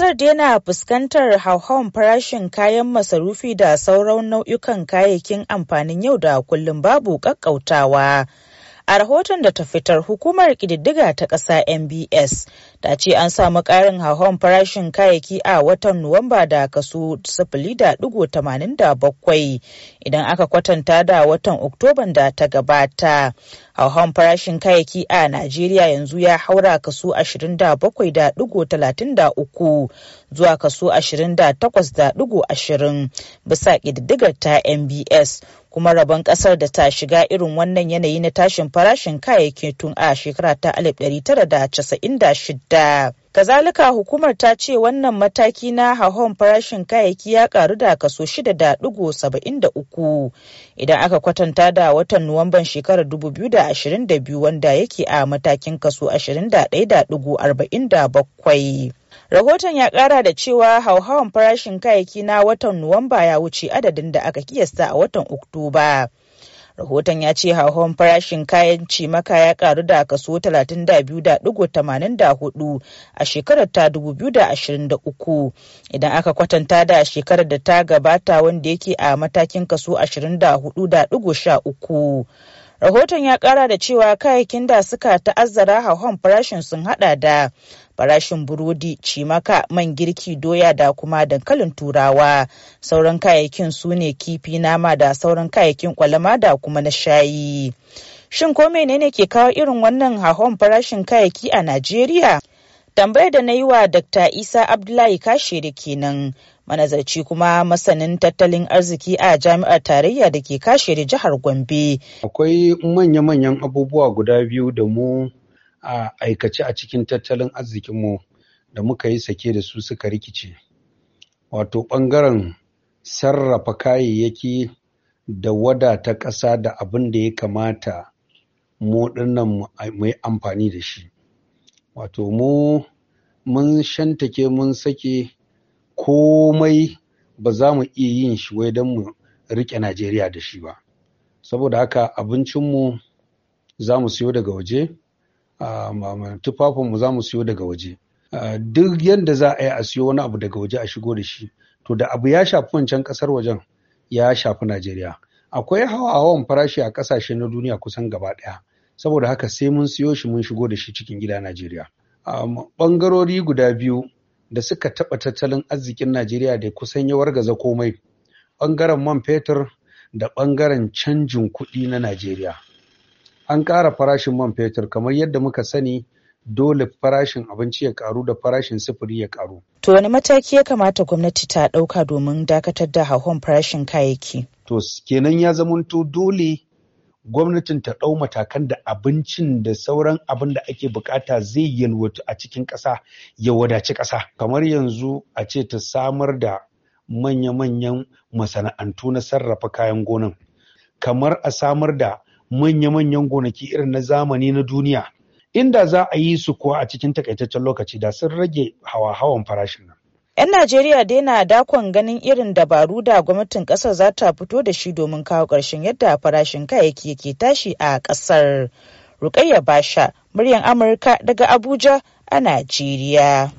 Kasar da yana fuskantar hauhawan farashin kayan masarufi da sauran nau'ikan kayayyakin amfanin yau da kullum babu ƙaƙƙautawa. A rahoton da ta fitar hukumar ƙididdiga ta ƙasa MBS ta ce an samu ƙarin hauhawan farashin kayayyaki a watan Nuwamba da kaso 0.87 idan aka kwatanta da watan Oktoban da ta gabata. hauhawan farashin kayayyaki a najeriya yanzu ya haura kaso 27.33 zuwa kaso 28.20 bisa ƙididdigar ta mbs kuma rabon kasar da ta shiga irin wannan yanayi na tashin farashin kayayyaki tun a shekara ta 1996 Kazalika hukumar ta ce wannan mataki na hahon farashin kayayyaki ya karu da kaso 6.73 idan aka kwatanta da watan Nuwamban shekarar 2022 wanda yake a matakin kaso 21.47. Rahoton ya kara da cewa hauhawan farashin kayayyaki na watan Nuwamba ya wuce adadin da aka kiyasta a watan Oktoba. Rahoton ya ce hauhawar farashin kayan cimaka ya karu da kaso 32.84 a shekarar ta 2023 idan aka kwatanta da shekarar da ta gabata wanda yake a matakin kaso 24.13. Rahoton ya kara da cewa kayayyakin da suka ta'azzara hauhan farashin sun hada da farashin burodi, cimaka, man girki, doya da kuma dankalin turawa. Sauran kayayyakin su ne kifi, nama da sauran kayayyakin kwalama da kuma na shayi. Shin ko menene ke kawo irin wannan hauhan farashin kayayyaki a Najeriya? Tambayar da na yi wa Dr. Isa Abdullahi kashe da kenan manazarci kuma masanin tattalin arziki a jami'ar tarayya da ke kashe da jihar Gombe. Akwai manya-manyan abubuwa guda biyu da mu a aikace a cikin tattalin arzikinmu da muka yi sake da su suka rikice. Wato ɓangaren sarrafa kayayyaki da wadata ƙasa da abin da ya kamata mu dinnan yi amfani da shi. wato mu mun shantake mun sake komai ba za mu iya yin shi wai don mu rike najeriya da shi ba saboda haka abincinmu za mu siyo daga waje tufafinmu za mu siyo daga waje duk yadda za a yi a siyo wani abu daga waje a shigo da shi to da abu ya shafi wancan ƙasar wajen ya shafi najeriya akwai hawa-hawan farashi a ƙasashe na duniya kusan gaba ɗaya saboda haka sai mun siyo shi mun shigo da shi cikin gida najeriya ɓangarori guda biyu da suka taɓa tattalin arzikin najeriya da kusan ya wargaza komai bangaren man fetur da ɓangaren canjin kuɗi na najeriya an ƙara farashin man fetur kamar yadda muka sani dole farashin abinci ya ƙaru da farashin sufuri ya ƙaru. To wani mataki ya kamata gwamnati ta ɗauka domin dakatar da hauhawar farashin kayayyaki? To kenan ya zamanto dole gwamnatin ta ɗau matakan da abincin da sauran abin da ake bukata zai yalwatu a cikin ƙasa ya wadaci ƙasa kamar yanzu a ce ta samar da manya-manyan masana'antu na sarrafa kayan gonan kamar a samar da manya-manyan gonaki irin na zamani na duniya inda za a yi su kuwa a cikin takaitaccen lokaci da sun rage hawa-hawan farashin nan 'Yan Najeriya daina dakon ganin irin dabaru da gwamnatin ƙasar za ta fito da shi domin kawo ƙarshen yadda farashin kayayyaki yake tashi a ƙasar. Rukayya Basha, muryar Amurka daga Abuja a Najeriya.